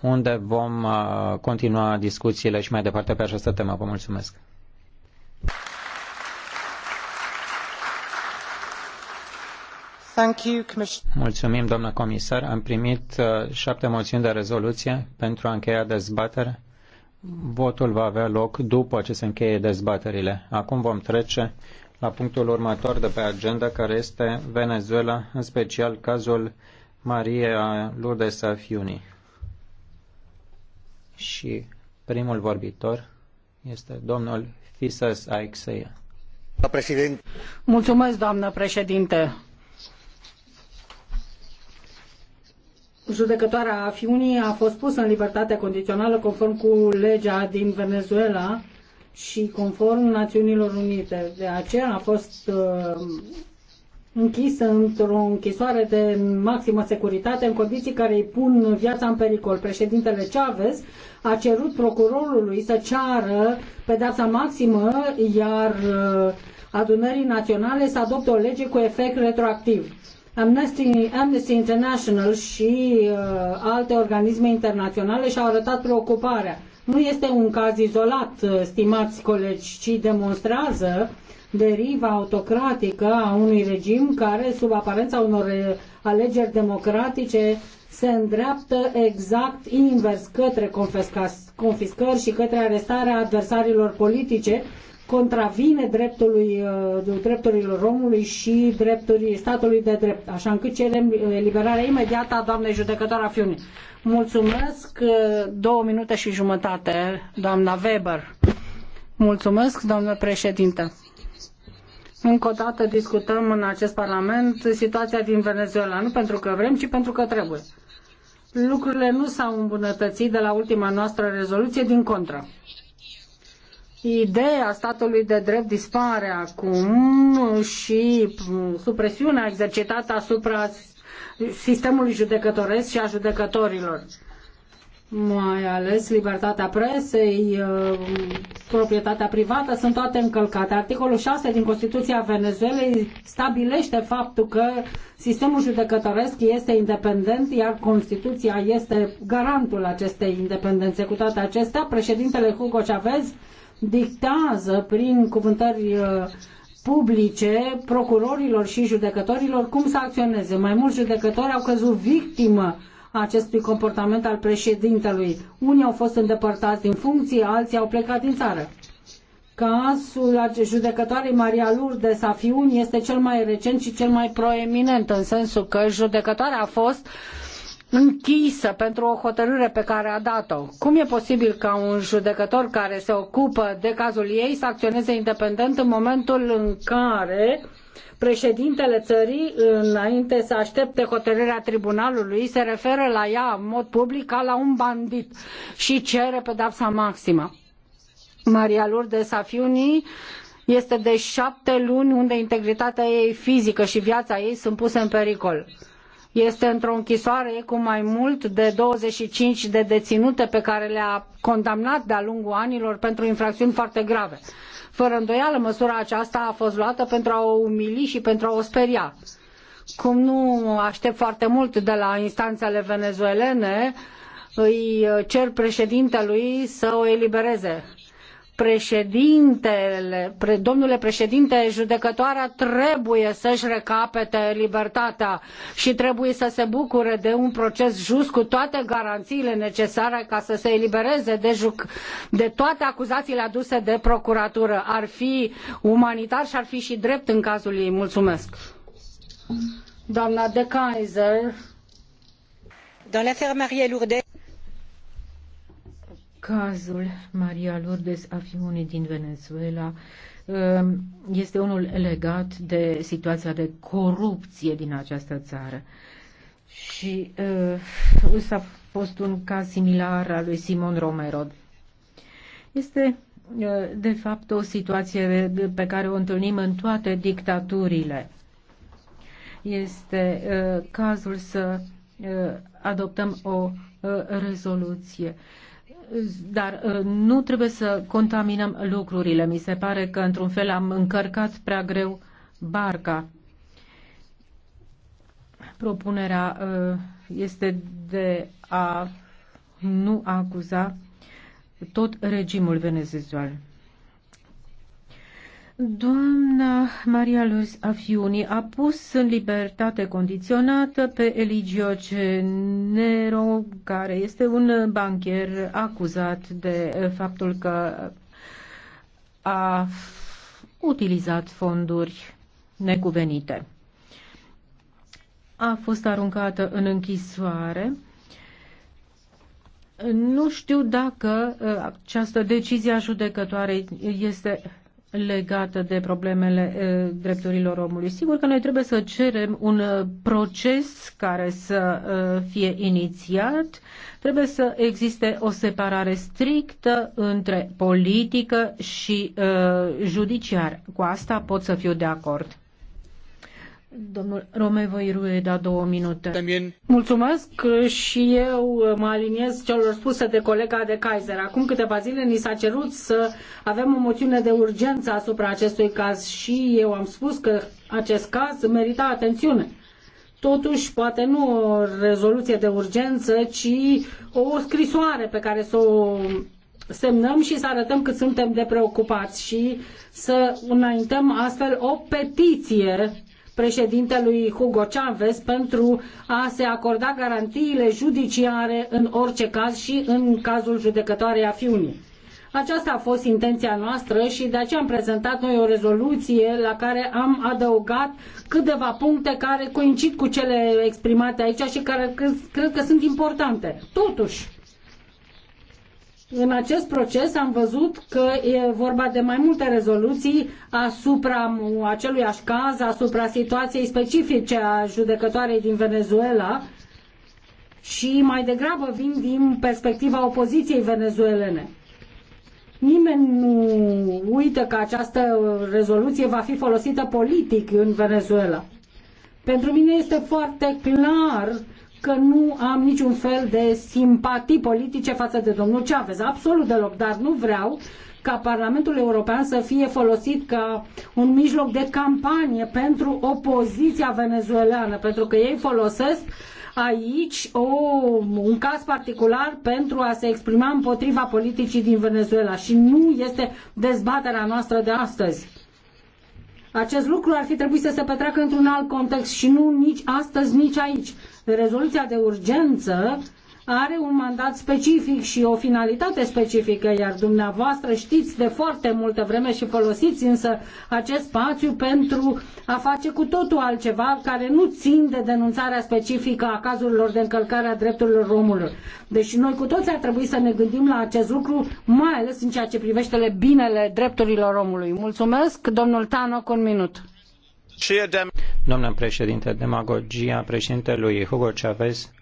unde vom uh, continua discuțiile și mai departe pe această temă. Vă mulțumesc! Mulțumim, doamnă comisar. Am primit uh, șapte moțiuni de rezoluție pentru a încheia dezbatere. Votul va avea loc după ce se încheie dezbaterile. Acum vom trece la punctul următor de pe agenda, care este Venezuela, în special cazul Maria Lourdes Safiuni și primul vorbitor este domnul Fisas Aixeia. Mulțumesc, doamnă președinte. Judecătoarea Fiunii a fost pusă în libertate condițională conform cu legea din Venezuela și conform Națiunilor Unite. De aceea a fost uh, închisă într-o închisoare de maximă securitate în condiții care îi pun viața în pericol. Președintele Chavez a cerut procurorului să ceară pedeapsa maximă, iar uh, adunării naționale să adopte o lege cu efect retroactiv. Amnesty, Amnesty International și uh, alte organisme internaționale și-au arătat preocuparea. Nu este un caz izolat, uh, stimați colegi, ci demonstrează uh, deriva autocratică a unui regim care, sub aparența unor alegeri democratice, se îndreaptă exact invers către confiscări și către arestarea adversarilor politice, contravine dreptului, uh, drepturilor omului și drepturii statului de drept. Așa încât cerem eliberarea imediată a doamnei judecătoare Fiunii. Mulțumesc, uh, două minute și jumătate, doamna Weber. Mulțumesc, domnule președinte. Încă o dată discutăm în acest Parlament situația din Venezuela, nu pentru că vrem, ci pentru că trebuie. Lucrurile nu s-au îmbunătățit de la ultima noastră rezoluție, din contră. Ideea statului de drept dispare acum și supresiunea exercitată asupra sistemului judecătoresc și a judecătorilor mai ales libertatea presei, uh, proprietatea privată, sunt toate încălcate. Articolul 6 din Constituția Venezuelei stabilește faptul că sistemul judecătoresc este independent, iar Constituția este garantul acestei independențe. Cu toate acestea, președintele Hugo Chavez dictează prin cuvântări uh, publice procurorilor și judecătorilor cum să acționeze. Mai mulți judecători au căzut victimă acestui comportament al președintelui. Unii au fost îndepărtați din funcție, alții au plecat din țară. Cazul judecătoarei Maria Lourdes Afiun este cel mai recent și cel mai proeminent, în sensul că judecătoarea a fost uh, închisă pentru o hotărâre pe care a dat-o. Cum e posibil ca un judecător care se ocupă de cazul ei să acționeze independent în momentul în care președintele țării, înainte să aștepte hotărârea tribunalului, se referă la ea în mod public ca la un bandit și cere pedapsa maximă. Maria Lourdes Safiuni este de șapte luni unde integritatea ei fizică și viața ei sunt puse în pericol este într-o închisoare cu mai mult de 25 de deținute pe care le-a condamnat de-a lungul anilor pentru infracțiuni foarte grave. Fără îndoială, măsura aceasta a fost luată pentru a o umili și pentru a o speria. Cum nu aștept foarte mult de la instanțele venezuelene, îi cer președintelui să o elibereze președintele, pre, domnule președinte, judecătoarea trebuie să-și recapete libertatea și trebuie să se bucure de un proces just cu toate garanțiile necesare ca să se elibereze de, juc, de toate acuzațiile aduse de procuratură. Ar fi umanitar și ar fi și drept în cazul ei. Mulțumesc. Doamna de Kaiser. Dans l'affaire Marie Lourdes. Cazul Maria Lourdes Afiunii din Venezuela um, este unul legat de situația de corupție din această țară. Și uh, s a fost un caz similar al lui Simon Romero. Este uh, de fapt o situație pe care o întâlnim în toate dictaturile. Este uh, cazul să adoptăm o rezoluție dar uh, nu trebuie să contaminăm lucrurile. Mi se pare că, într-un fel, am încărcat prea greu barca. Propunerea uh, este de a nu acuza tot regimul venezuelan. Doamna Maria Luz Afiuni a pus în libertate condiționată pe Eligio Cenero, care este un bancher acuzat de faptul că a utilizat fonduri necuvenite. A fost aruncată în închisoare. Nu știu dacă uh, această decizie a judecătoarei este legată de problemele drepturilor omului. Sigur că noi trebuie să cerem un proces care să fie inițiat, trebuie să existe o separare strictă între politică și judiciar. Cu asta pot să fiu de acord. Domnul Romevoi da, două minute. También. Mulțumesc și eu mă aliniez celor spuse de colega de Kaiser. Acum câteva zile ni s-a cerut să avem o moțiune de urgență asupra acestui caz și eu am spus că acest caz merita atențiune. Totuși, poate nu o rezoluție de urgență, ci o scrisoare pe care să o semnăm și să arătăm cât suntem de preocupați și să înaintăm astfel o petiție președintelui Hugo Chavez pentru a se acorda garantiile judiciare în orice caz și în cazul judecătoarei a Aceasta a fost intenția noastră și de aceea am prezentat noi o rezoluție la care am adăugat câteva puncte care coincid cu cele exprimate aici și care cred că sunt importante. Totuși, în acest proces am văzut că e vorba de mai multe rezoluții asupra acelui caz, asupra situației specifice a judecătoarei din Venezuela și mai degrabă vin din perspectiva opoziției venezuelene. Nimeni nu uită că această rezoluție va fi folosită politic în Venezuela. Pentru mine este foarte clar că nu am niciun fel de simpatii politice față de domnul Chavez. Absolut deloc, dar nu vreau ca Parlamentul European să fie folosit ca un mijloc de campanie pentru opoziția venezuelană, pentru că ei folosesc aici o, un caz particular pentru a se exprima împotriva politicii din Venezuela și nu este dezbaterea noastră de astăzi. Acest lucru ar fi trebuit să se petreacă într-un alt context și nu nici astăzi, nici aici. Rezoluția de urgență are un mandat specific și o finalitate specifică, iar dumneavoastră știți de foarte multă vreme și folosiți însă acest spațiu pentru a face cu totul altceva care nu țin de denunțarea specifică a cazurilor de încălcare a drepturilor omului. Deci noi cu toți ar trebui să ne gândim la acest lucru, mai ales în ceea ce privește binele drepturilor omului. Mulțumesc, domnul Tanoc, un minut. Domnule președinte, demagogia președintelui Hugo Chavez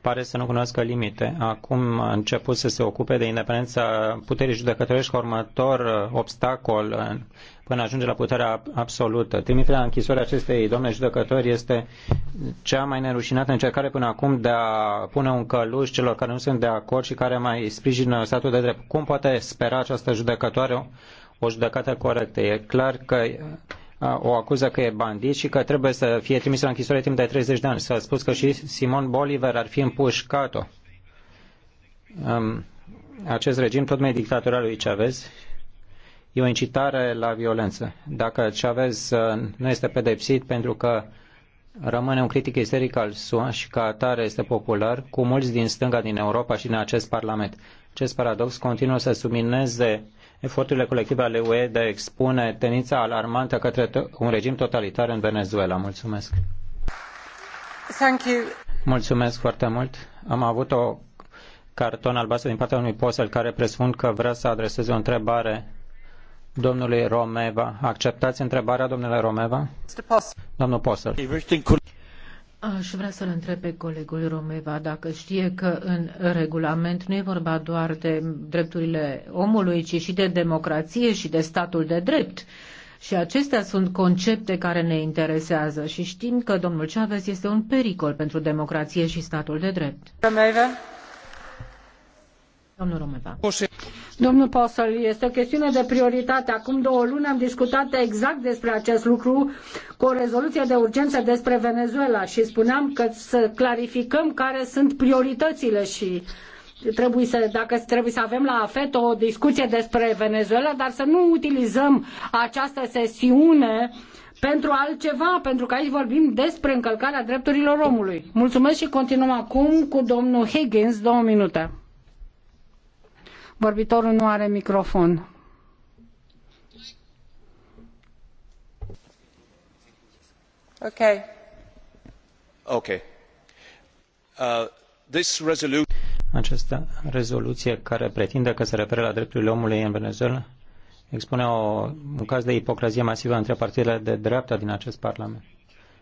pare să nu cunoască limite. Acum a început să se ocupe de independența puterii judecătorești ca următor uh, obstacol uh, până ajunge la puterea absolută. Trimiterea închisorii acestei domne judecători este cea mai nerușinată încercare până acum de a pune un căluș celor care nu sunt de acord și care mai sprijină statul de drept. Cum poate spera această judecătoare o judecată corectă? E clar că o acuză că e bandit și că trebuie să fie trimis la închisoare timp de 30 de ani. S-a spus că și Simon Bolivar ar fi împușcat-o. Acest regim, tot mai dictatorial lui Chavez, e o incitare la violență. Dacă Chavez uh, nu este pedepsit pentru că rămâne un critic isteric al SUA și ca atare este popular cu mulți din stânga din Europa și din acest Parlament. Acest paradox continuă să submineze eforturile colective ale UE de a expune tendința alarmantă către un regim totalitar în Venezuela. Mulțumesc! Thank you. Mulțumesc foarte mult! Am avut o carton albastru din partea unui posel care presupun că vrea să adreseze o întrebare domnului Romeva. Acceptați întrebarea, domnule Romeva? Domnul Posel. Aș vrea să-l întreb pe colegul Romeva dacă știe că în regulament nu e vorba doar de drepturile omului, ci și de democrație și de statul de drept. Și acestea sunt concepte care ne interesează și știm că domnul Chavez este un pericol pentru democrație și statul de drept. Romeva. Domnul Romeva. Domnul Posel, este o chestiune de prioritate. Acum două luni am discutat exact despre acest lucru cu o rezoluție de urgență despre Venezuela și spuneam că să clarificăm care sunt prioritățile și trebuie să, dacă trebuie să avem la AFET o discuție despre Venezuela, dar să nu utilizăm această sesiune pentru altceva, pentru că aici vorbim despre încălcarea drepturilor omului. Mulțumesc și continuăm acum cu domnul Higgins, două minute. Vorbitorul nu are microfon. Okay. Okay. Uh, this resolution... Această rezoluție care pretinde că se referă la drepturile omului în Venezuela expune o, un caz de ipocrazie masivă între partidele de dreapta din acest Parlament.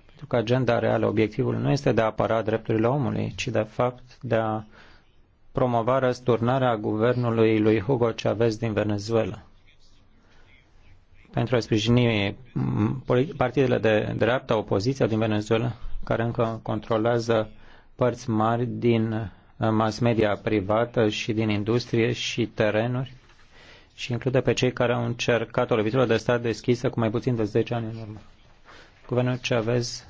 Pentru că agenda reală, obiectivul nu este de a apăra drepturile omului, ci de fapt de a promova răsturnarea guvernului lui Hugo Chavez din Venezuela pentru a sprijini partidele de dreapta, opoziția din Venezuela, care încă controlează părți mari din uh, mass media privată și din industrie și terenuri și include pe cei care au încercat o lovitură de stat deschisă cu mai puțin de 10 ani în urmă. Guvernul Chavez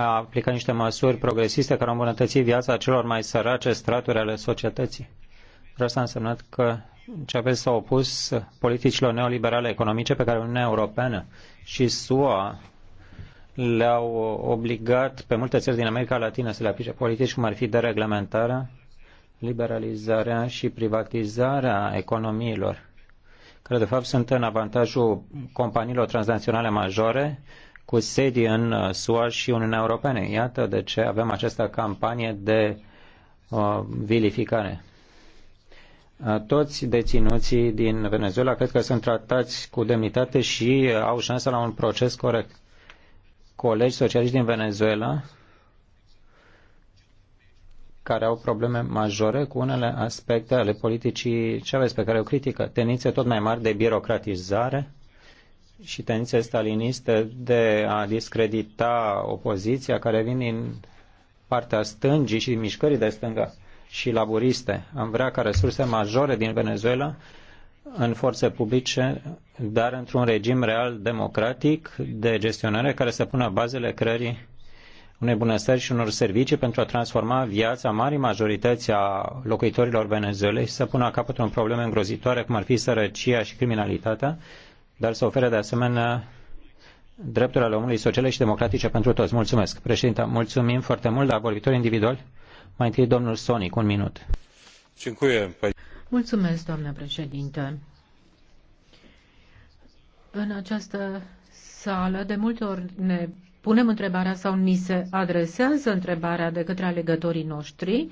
a aplicat niște măsuri progresiste care au îmbunătățit viața celor mai sărace straturi ale societății. Asta a însemnat că Chavez s-a opus politicilor neoliberale economice pe care Uniunea Europeană și SUA le-au obligat pe multe țări din America Latină să le aplice politici cum ar fi dereglementarea, liberalizarea și privatizarea economiilor, care de fapt sunt în avantajul companiilor transnaționale majore cu sedii în uh, SUA și Uniunea Europeană. Iată de ce avem această campanie de uh, vilificare. Uh, toți deținuții din Venezuela cred că sunt tratați cu demnitate și uh, au șansa la un proces corect. Colegi socialiști din Venezuela care au probleme majore cu unele aspecte ale politicii aveți pe care o critică. Tenințe tot mai mari de birocratizare, și tendințe staliniste de a discredita opoziția care vin din partea stângii și din mișcării de stânga și laburiste. Am vrea ca resurse majore din Venezuela în forțe publice, dar într-un regim real democratic de gestionare care să pună bazele creării unei bunăstări și unor servicii pentru a transforma viața marii majorități a locuitorilor Venezuelei și să pună capăt în probleme îngrozitoare cum ar fi sărăcia și criminalitatea, dar să ofere de asemenea drepturile ale omului sociale și democratice pentru toți. Mulțumesc. Președinte, mulțumim foarte mult la vorbitori individuali. Mai întâi domnul Sonic, un minut. Mulțumesc, doamne președinte. În această sală, de multe ori ne punem întrebarea sau ni se adresează întrebarea de către alegătorii noștri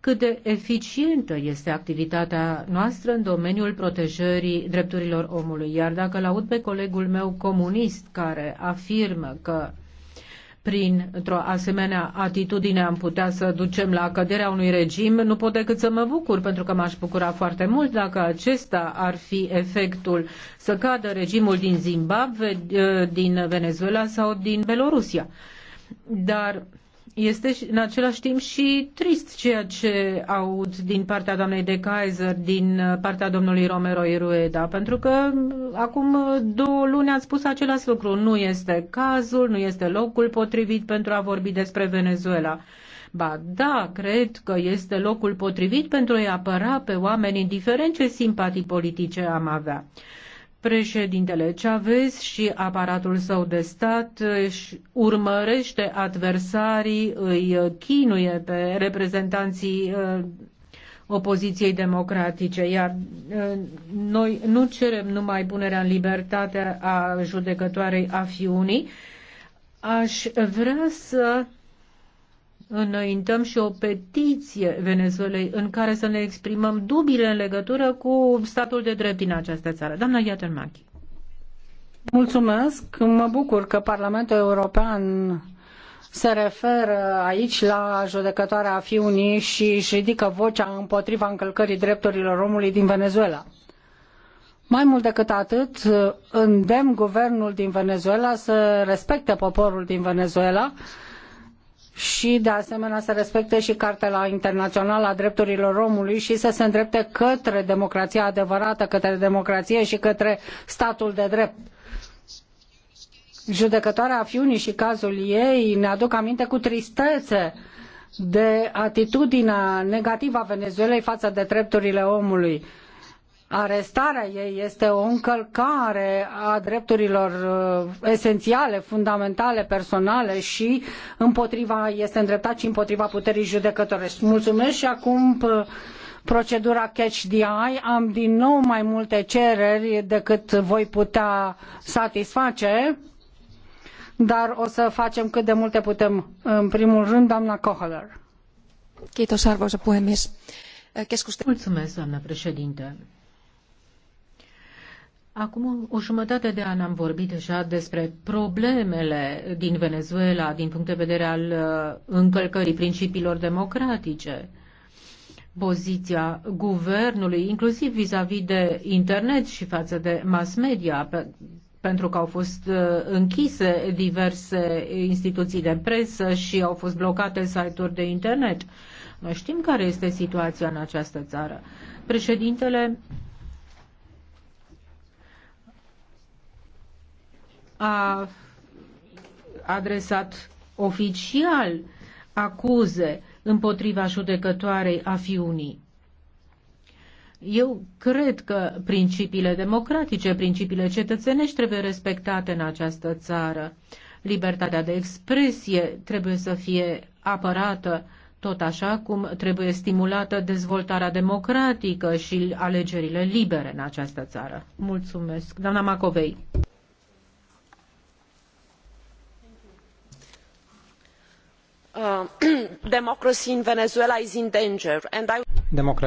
cât de eficientă este activitatea noastră în domeniul protejării drepturilor omului. Iar dacă laud pe colegul meu comunist care afirmă că prin o asemenea atitudine am putea să ducem la căderea unui regim, nu pot decât să mă bucur, pentru că m-aș bucura foarte mult dacă acesta ar fi efectul să cadă regimul din Zimbabwe, din Venezuela sau din Belorusia. Dar este în același timp și trist ceea ce aud din partea doamnei de Kaiser, din uh, partea domnului Romero Irueda, pentru că uh, acum uh, două luni ați spus același lucru. Nu este cazul, nu este locul potrivit pentru a vorbi despre Venezuela. Ba da, cred că este locul potrivit pentru a-i apăra pe oameni indiferent ce simpatii politice am avea. Președintele Chavez și aparatul său de stat își urmărește adversarii, îi chinuie pe reprezentanții uh, opoziției democratice, iar uh, noi nu cerem numai punerea în libertate a judecătoarei Afiunii, aș vrea să înaintăm și o petiție Venezuelei în care să ne exprimăm dubile în legătură cu statul de drept din această țară. Doamna Iatermachi. Mulțumesc. Mă bucur că Parlamentul European se referă aici la judecătoarea Fiunii și își ridică vocea împotriva încălcării drepturilor omului din Venezuela. Mai mult decât atât, îndemn guvernul din Venezuela să respecte poporul din Venezuela și de asemenea să respecte și Cartela Internațională a Drepturilor Omului și să se îndrepte către democrația adevărată, către democrație și către statul de drept. Judecătoarea Fiuni și cazul ei ne aduc aminte cu tristețe de atitudinea negativă a Venezuelei față de drepturile omului arestarea ei este o încălcare a drepturilor uh, esențiale, fundamentale, personale și împotriva, este îndreptat și împotriva puterii judecătorești. Mulțumesc și acum uh, procedura catch the eye. Am din nou mai multe cereri decât voi putea satisface, dar o să facem cât de multe putem. În primul rând, doamna Kohler. Äh, Mulțumesc, doamna președinte. Acum o jumătate de an am vorbit deja despre problemele din Venezuela din punct de vedere al uh, încălcării principiilor democratice. Poziția guvernului, inclusiv vis-a-vis -vis de internet și față de mass media, pe, pentru că au fost uh, închise diverse instituții de presă și au fost blocate site-uri de internet. Noi știm care este situația în această țară. Președintele a adresat oficial acuze împotriva judecătoarei a fiunii. Eu cred că principiile democratice, principiile cetățenești trebuie respectate în această țară. Libertatea de expresie trebuie să fie apărată, tot așa cum trebuie stimulată dezvoltarea democratică și alegerile libere în această țară. Mulțumesc. Doamna Macovei. Uh, democraia în Venezuela is in danger and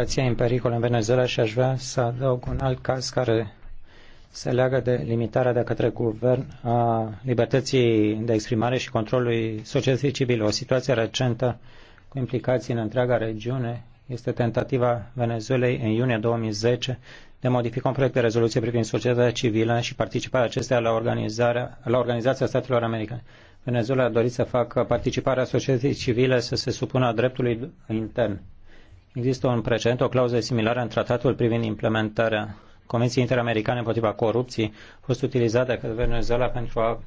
I... e în pericol în Venezuela și a vrea să adaug un alt caz care se leagă de limitarea de către guvern a libertății de exprimare și controlului societății civile. O situaie recentă cu implicaii în întreaga regiune este tentativa Venezuelei în iunie 2010 de a modifica un proiect de rezoluție privind societatea civilă și participarea acesteia la, organizarea, la Organizația Statelor Americane. Venezuela a dorit să facă participarea societății civile să se supună dreptului intern. Există un precedent, o clauză similară în tratatul privind implementarea Convenției Interamericane împotriva corupției, a fost utilizată de Venezuela pentru a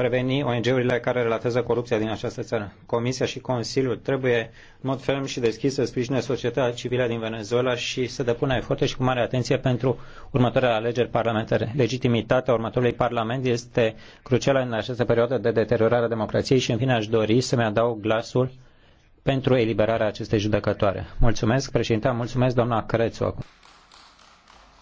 preveni ONG-urile care relatează corupția din această țară. Comisia și Consiliul trebuie în mod ferm și deschis să sprijine societatea civilă din Venezuela și să depună eforturi și cu mare atenție pentru următoarele alegeri parlamentare. Legitimitatea următorului parlament este crucială în această perioadă de deteriorare a democrației și în fine aș dori să-mi adaug glasul pentru eliberarea acestei judecătoare. Mulțumesc, președinte, mulțumesc, doamna Crețu. Acum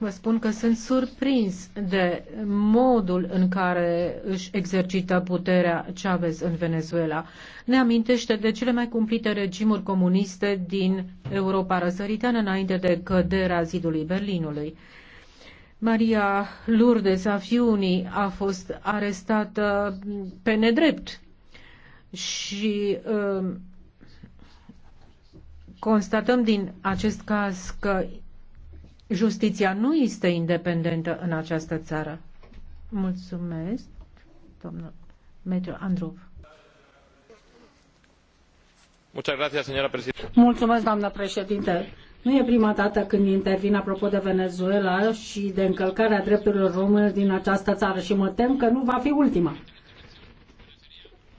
vă spun că sunt surprins de modul în care își exercită puterea Chavez în Venezuela. Ne amintește de cele mai cumplite regimuri comuniste din Europa răsăritană înainte de căderea zidului Berlinului. Maria Lourdes Afiuni a fost arestată pe nedrept și uh, constatăm din acest caz că Justiția nu este independentă în această țară. Mulțumesc, domnul Metro Androv. Mulțumesc, doamnă președinte. Nu e prima dată când intervin apropo de Venezuela și de încălcarea drepturilor române din această țară și mă tem că nu va fi ultima.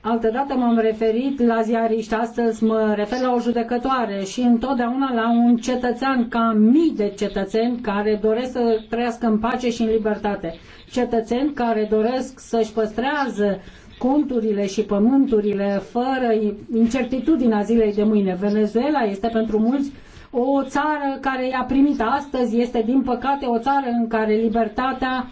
Altădată m-am referit la ziariști, astăzi mă refer la o judecătoare și întotdeauna la un cetățean ca mii de cetățeni care doresc să trăiască în pace și în libertate. Cetățeni care doresc să-și păstrează conturile și pământurile fără incertitudinea zilei de mâine. Venezuela este pentru mulți o țară care i-a primit astăzi, este din păcate o țară în care libertatea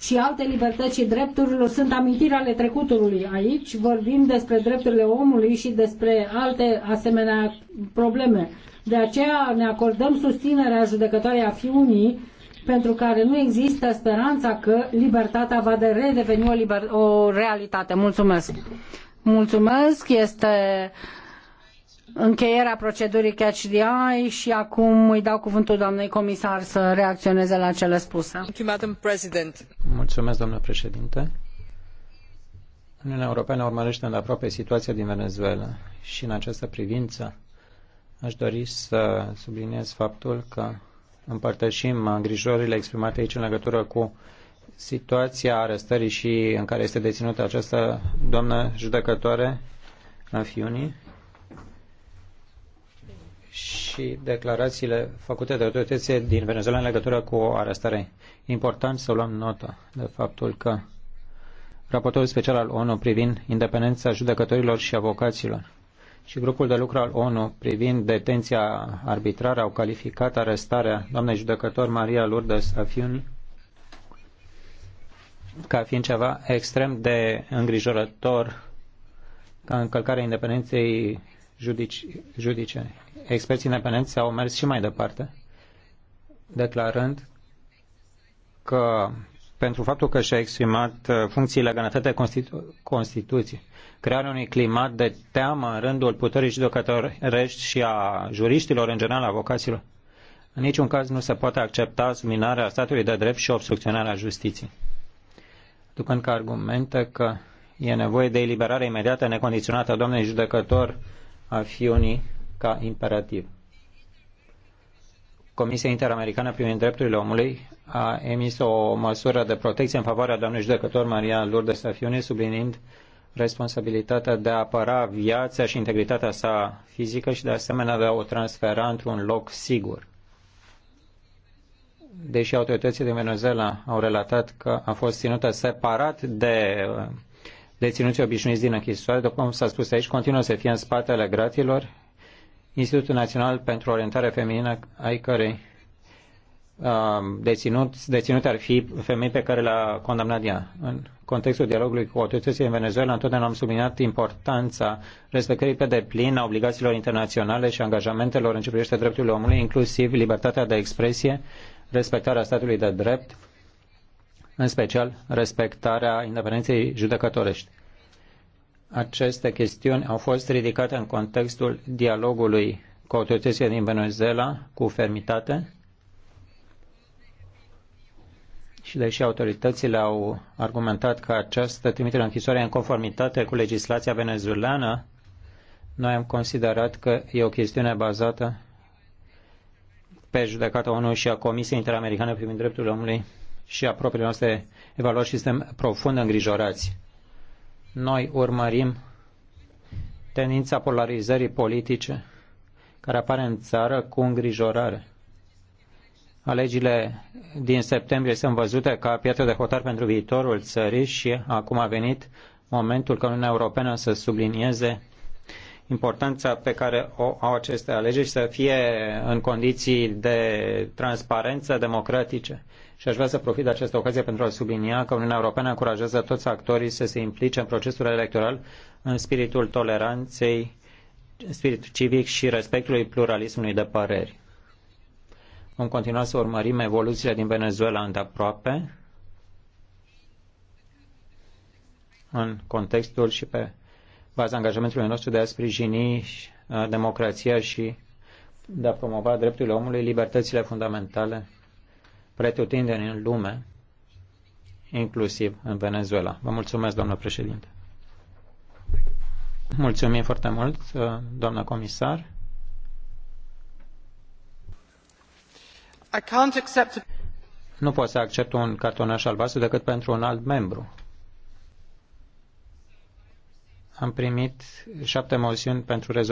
și alte libertăți și drepturi sunt amintiri ale trecutului. Aici vorbim despre drepturile omului și despre alte asemenea probleme. De aceea ne acordăm susținerea judecătoarei a fiunii pentru care nu există speranța că libertatea va de redeveni o, o realitate. Mulțumesc! Mulțumesc! Este încheierea procedurii catch the eye și acum îi dau cuvântul doamnei comisar să reacționeze la cele spuse. Mulțumesc, domnule președinte. Uniunea Europeană urmărește îndeaproape situația din Venezuela și în această privință aș dori să subliniez faptul că împărtășim îngrijorările exprimate aici în legătură cu situația arestării și în care este deținută această doamnă judecătoare Rafiuni și declarațiile făcute de autoritățile din Venezuela în legătură cu o arestare. Important să luăm notă de faptul că raportorul special al ONU privind independența judecătorilor și avocaților și grupul de lucru al ONU privind detenția arbitrară au calificat arestarea doamnei judecător Maria Lourdes Afiuni ca fiind ceva extrem de îngrijorător ca încălcarea independenței judici, judice. experți independenți au mers și mai departe, declarând că pentru faptul că și-a exprimat uh, funcțiile garantate Constitu- Constituției, crearea unui climat de teamă în rândul puterii judecătorești și a juriștilor, în general, avocaților. În niciun caz nu se poate accepta subminarea statului de drept și obstrucționarea justiției. După ca argumente că e nevoie de eliberare imediată, necondiționată a doamnei judecător a fi unii ca imperativ. Comisia Interamericană privind drepturile omului a emis o măsură de protecție în favoarea doamnei judecător Maria Lourdes Safiune, sublinind responsabilitatea de a apăra viața și integritatea sa fizică și de asemenea de a o transfera într-un loc sigur. Deși autoritățile din Venezuela au relatat că a fost ținută separat de deținuții obișnuiți din închisoare, după cum s-a spus aici, continuă să fie în spatele gratilor. Institutul Național pentru Orientare Feminină, ai cărei um, deținut, deținut ar fi femei pe care le-a condamnat ea. În contextul dialogului cu autoritățile în Venezuela, întotdeauna am subliniat importanța respectării pe deplin a obligațiilor internaționale și angajamentelor în ce privește drepturile omului, inclusiv libertatea de expresie, respectarea statului de drept, în special respectarea independenței judecătorești. Aceste chestiuni au fost ridicate în contextul dialogului cu autoritățile din Venezuela cu fermitate și deși autoritățile au argumentat că această trimitere în închisoare e în conformitate cu legislația venezuelană, noi am considerat că e o chestiune bazată pe judecata ONU și a Comisiei Interamericane privind drepturile omului și a propriilor noastre evaluări și suntem profund îngrijorați. Noi urmărim tendința polarizării politice care apare în țară cu îngrijorare. Alegile din septembrie sunt văzute ca piatră de hotar pentru viitorul țării și acum a venit momentul că Uniunea Europeană să sublinieze importanța pe care o au aceste alegeri și să fie în condiții de transparență democratice. Și aș vrea să profit de această ocazie pentru a sublinia că Uniunea Europeană încurajează toți actorii să se implice în procesul electoral în spiritul toleranței, în spiritul civic și respectului pluralismului de păreri. Vom continua să urmărim evoluțiile din Venezuela îndeaproape în contextul și pe baza angajamentului nostru de a sprijini uh, democrația și de a promova drepturile omului, libertățile fundamentale pretutindeni în lume, inclusiv în Venezuela. Vă mulțumesc, doamnă președinte. Mulțumim foarte mult, uh, doamnă comisar. I can't accept... Nu pot să accept un cartonaș albastru decât pentru un alt membru. Am primit șapte moțiuni pentru rezoluție.